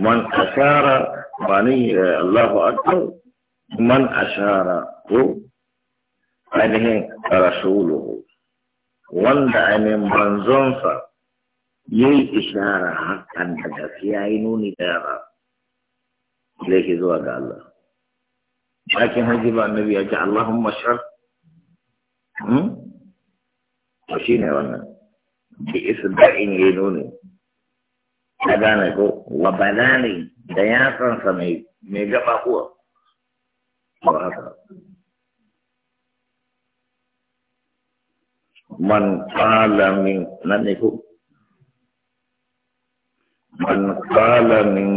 من أشار بني آه، الله أكبر من أشار هو أنه رسوله وان دعني منزنسا يي إشارة حقا في عينوني دارا إليه زوى الله لكن هجب النبي أجع اللهم أشار وشين يا رنا بإثباء عينوني ka gane ko wa banani da yatsansa mai mai gaba kuwa ba haka man qala min nan ne ko man qala min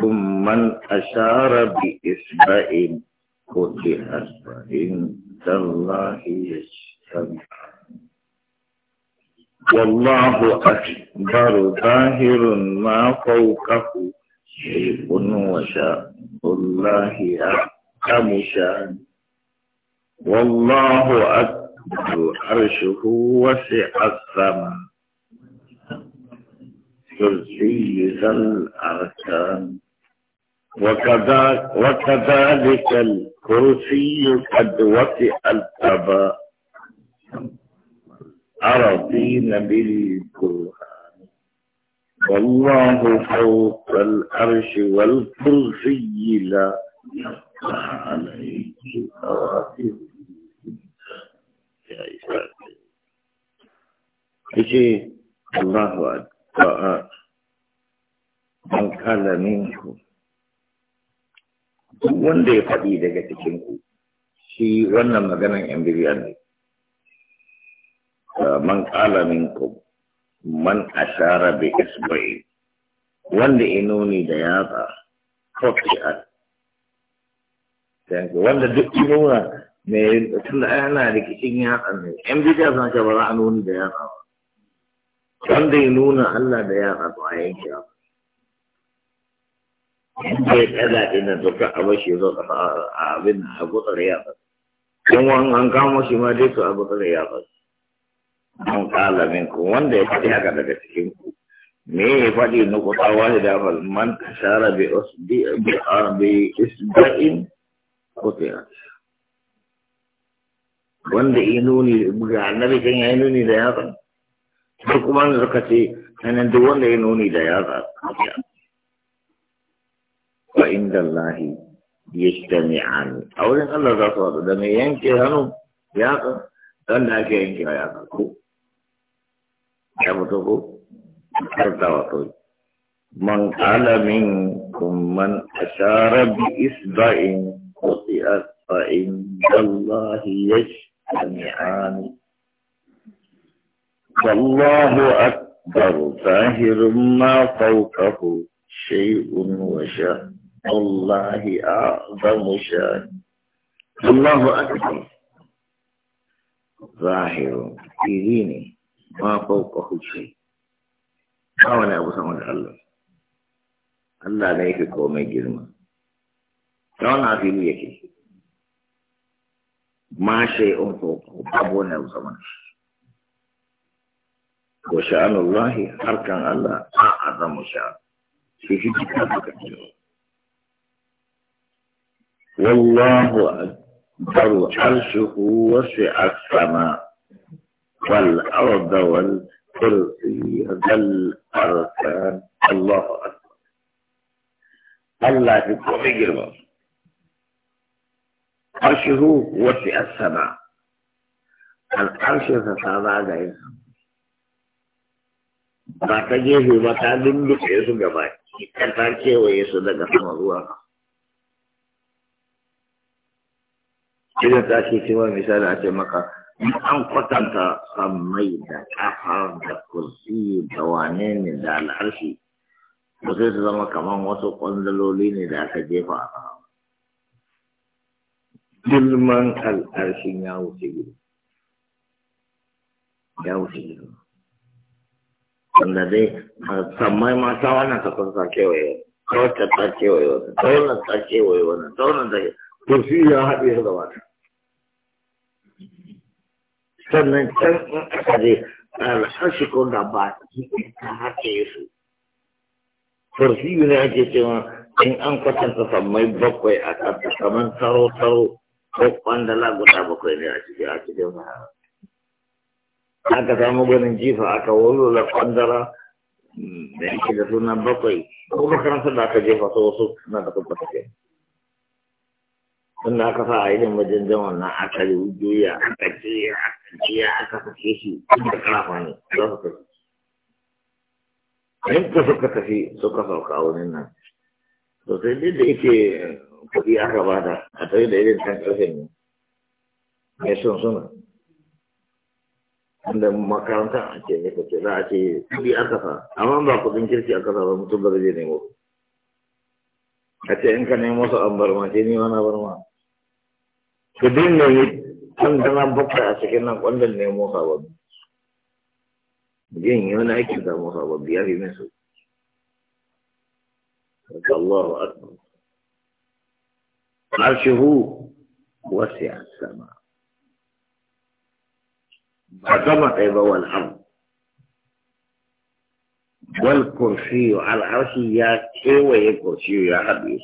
kum man ashara bi isba'in ko bi asba'in tallahi yashhadu والله أكبر ظاهر ما فوقه شيء وشاء الله أحكم شأن والله أكبر عرشه وسع السماء كرسي ذا الأركان وكذا وكذلك الكرسي قد وسع الأباء عرضين بالقرآن والله فوق الأرش والكرسي لا عليه قوافل Ise Allah wa ta'a mankala minku. Duk wanda ya faɗi daga cikinku, shi wannan maganar yan biliyan ne. man ƙala minkum man ashara bi isba'i wanda inoni da yatsa kofi'at wanda duk nuna mai tunda ana rikicin yatsa ne yan bidiya sun ce ba za a nuni da yatsa ba wanda ya nuna Allah da yatsa to a yanke ba yadda ya tsada ina duka a shi zo a abin a gutsar yatsa in Kuma an kama shi ma dai to a gutsar yatsa an kala minku wanda ya faɗi haka daga cikin ku me ya faɗi na kuɗa wani da fal man ashara bi usbi bi arbi isba'in kutiya wanda ya nuni ga annabi kan ya nuni da yatsa ko kuma ne suka ce sanan duk wanda ya nuni da yatsa wa inda Allahi yajtami'an a wurin Allah za su haɗu da mai yanke hannu yatsa dan da ake yanke yatsa ko ya fito ko kartawa kawai minkum man ashara bi isba'in kuti asba'in inda Allah yajtami'ani wallahu akbar zahir ma fawqahu syai'un wa syah. Allah a'zamu syah. Wallahu akbar Zahirun. irine ما فوقه شيء ما ولا أبو سمد الله الله ليك كوم جرما كان عظيم شيء ما شيء فوقه أبو نبو سمد وشأن الله أركان الله أعظم شأن في كتابه كتير والله أكبر عرشه وسع السماء والأرض والكرسي ذا الأركان الله أكبر الله يقوم يجرم عرشه وسع السماء العرش فسامع غير ba ta gefe ba ta dundunke su gaba ita ta kewaye su daga sama zuwa idan ta ce cewa misali a ce maka in an kwatanta sammai da Kafa da kursi da wane ne da al'arshi ba sai su zama kamar wasu ƙwandaloli ne da aka jefa a girman al'arshin ya wuce gida. ya wuce wanda dai sammai mata wannan ta kunsa kewaye ta wacce ta kewaye wannan ta ta kewaye wannan ta ta kursi ya haɗe su gabata. sannan can in aka je alhashi ko da ba ta ya su farfiyu ne ake cewa in an kwatanta samai bakwai a kanta kamar taro-taro ko kwandala guda bakwai ne a cikin a cikin aka samu ganin jifa aka wulula kwandala da yake da suna bakwai ko makaranta da aka jefa su wasu na da kuma tafiya sun na aka sa a irin wajen jaman na aka yi juya aka jiya aka jiya aka sake shi da karafa ne za su tafi in ka suka tafi suka sauka a wurin nan to sai duk da yake eh, kuɗi aka ba da a tare da irin kan ƙarfe ne mai sun suna inda makaranta a ce ne ka ce za a ce kuɗi aka sa amma ba kuɗin kirki aka sa ba mutum ba zai nemo a ce in ka nemo su an barma ma ce ni ma na bar ma ku dinga yi kwandanan bakwai a cikin nan kwandon nemo sababbi yin yi wani aikin samu sababbi ya fi min su Allahu Akbar arshihu وسع السماء فكما قيب والأرض والكرسي على العرش يا كيوي كرسي يا حبيب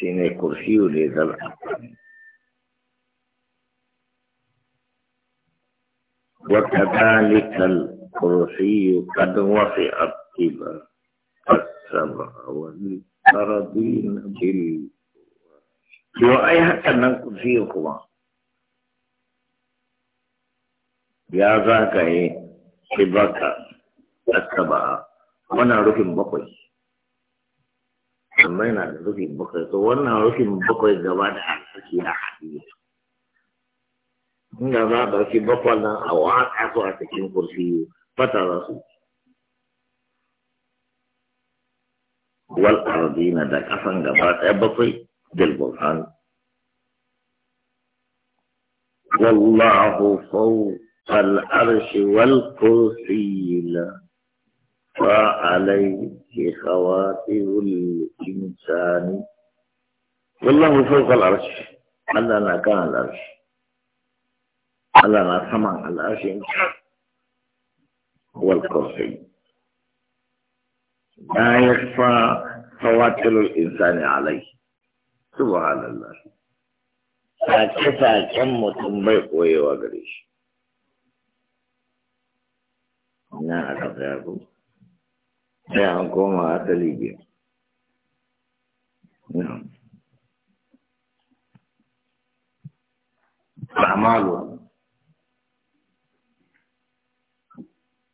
shi ne kursiyu ne وكذلك الكرسي قد وسع طبا السبع والأرضين بال وأي حتى من كرسيكما يا ذاك شبكة السبع وانا ركن بقوي تمينا رفي بقي قولنا رفي بقي زبان عن حكي يا حبيب إنها بعد رفي بقوانا أو عاد عفوة تكين كرسي فترى والأرضين دا كفن غبات أبطي دل برهان والله فوق الأرش والكرسي عليه خواتم الإنسان والله فوق العرش الله لا كان العرش الله لا سمع العرش هو الكرسي لا يخفى خواطر الإنسان عليه سبحان الله sake كم mutum bai koyewa gare shi. Na sai an koma asali biyu amalu